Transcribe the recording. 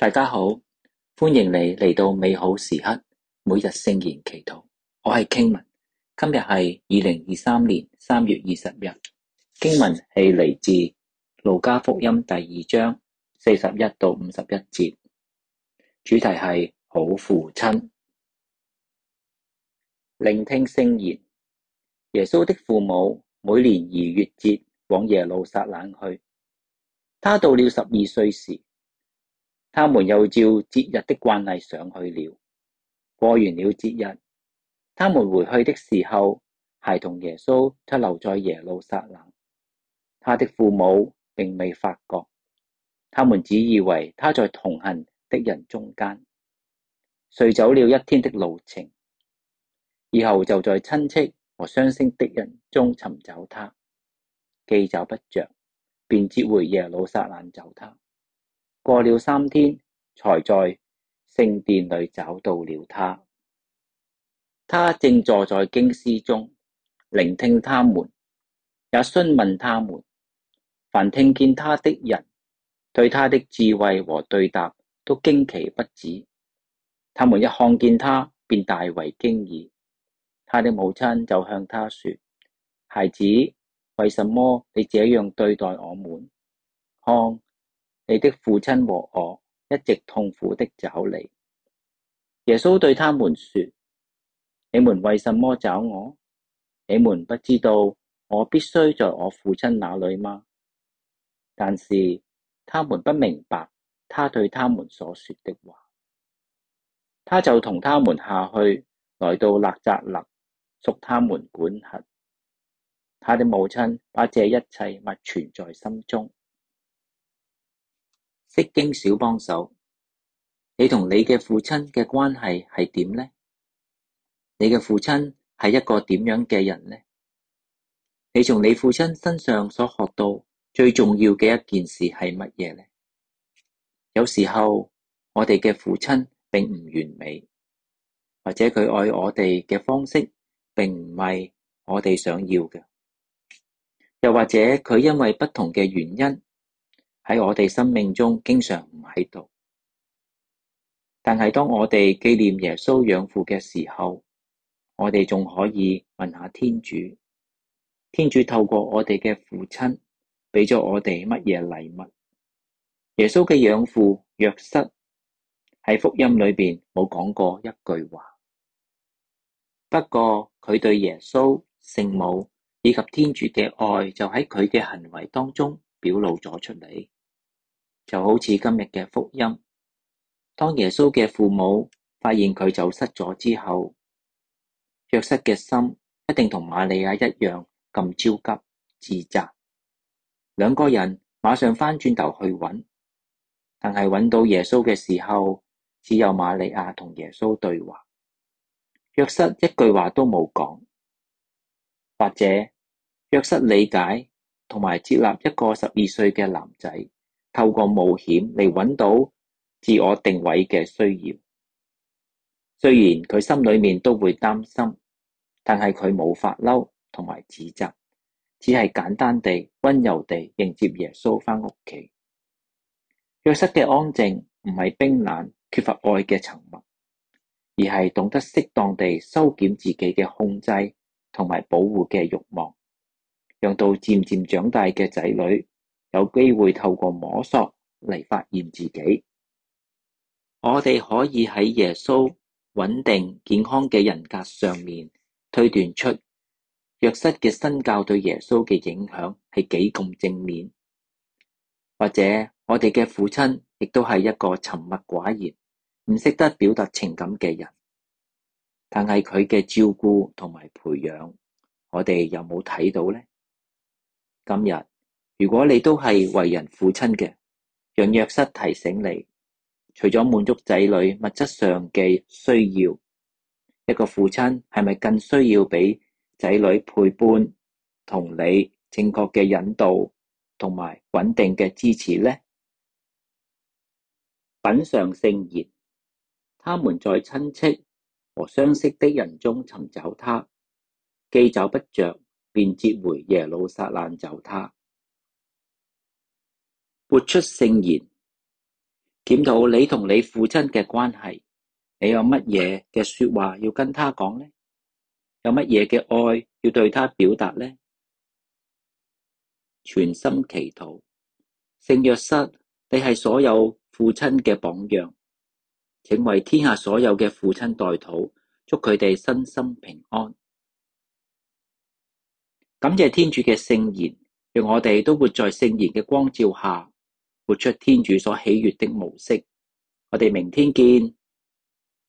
大家好，歡迎你嚟到美好時刻每日聖言祈禱。我係慶文，今日係二零二三年三月二十日，經文係嚟自路加福音第二章四十一到五十一節，主題係好父親。聆聽聖言，耶穌的父母每年逾越節往耶路撒冷去，他到了，了十二歲時。他們又照節日的慣例上去了。過完了節日，他們回去的時候，孩童耶穌卻留在耶路撒冷。他的父母並未發覺，他們只以為他在同行的人中間，遂走了一天的路程。以後就在親戚和相識的人中尋找他，既找不着，便折回耶路撒冷找他。過了三天，才在聖殿裏找到了他。他正坐在經師中，聆聽他們，也詢問他們。凡聽見他的人，對他的智慧和對答都驚奇不止。他們一看見他，便大為驚異。他的母親就向他說：孩子，為什麼你這樣對待我們？看。你的父親和我一直痛苦的找你。耶穌對他們說：你們為什麼找我？你們不知道我必須在我父親那裡嗎？但是他們不明白他對他們所說的話。他就同他們下去，來到納匝肋，屬他們管轄。他的母親把這一切默存在心中。釋經小幫手，你同你嘅父親嘅關係係點呢？你嘅父親係一個點樣嘅人呢？你從你父親身上所學到最重要嘅一件事係乜嘢呢？有時候我哋嘅父親並唔完美，或者佢愛我哋嘅方式並唔係我哋想要嘅，又或者佢因為不同嘅原因。喺我哋生命中，經常唔喺度。但係當我哋紀念耶穌養父嘅時候，我哋仲可以問下天主：天主透過我哋嘅父親，俾咗我哋乜嘢禮物？耶穌嘅養父若瑟喺福音裏邊冇講過一句話，不過佢對耶穌、聖母以及天主嘅愛就喺佢嘅行為當中表露咗出嚟。就好似今日嘅福音，當耶穌嘅父母發現佢走失咗之後，若瑟嘅心一定同瑪利亞一樣咁焦急、自責。兩個人馬上翻轉頭去揾，但係揾到耶穌嘅時候，只有瑪利亞同耶穌對話，若瑟一句話都冇講。或者，若瑟理解同埋接納一個十二歲嘅男仔，透過冒險嚟搵到自我定位嘅需要，雖然佢心裏面都會擔心，但係佢冇發嬲同埋指責，只係簡單地温柔地迎接耶穌翻屋企。若瑟嘅安靜唔係冰冷缺乏愛嘅沉默，而係懂得適當地收斂自己嘅控制同埋保護嘅欲望，讓到漸漸長大嘅仔女。有機會透過摸索嚟發現自己，我哋可以喺耶穌穩定健康嘅人格上面推斷出若瑟嘅身教對耶穌嘅影響係幾咁正面，或者我哋嘅父親亦都係一個沉默寡言、唔識得表達情感嘅人，但係佢嘅照顧同埋培養，我哋有冇睇到呢？今日，如果你都係為人父親嘅，讓約瑟提醒你，除咗滿足仔女物質上嘅需要，一個父親係咪更需要俾仔女陪伴、同理、正確嘅引導同埋穩定嘅支持呢？品嚐聖言，他們在親戚和相識的人中尋找他，既找不着，便折回耶路撒冷找他。活出聖言，檢討你同你父親嘅關係，你有乜嘢嘅說話要跟他講呢？有乜嘢嘅愛要對他表達呢？全心祈禱，聖若瑟，你係所有父親嘅榜樣，請為天下所有嘅父親代禱，祝佢哋身心平安。感謝天主嘅聖言，讓我哋都活在聖言嘅光照下。活出天主所喜悅的模式，我哋明天見。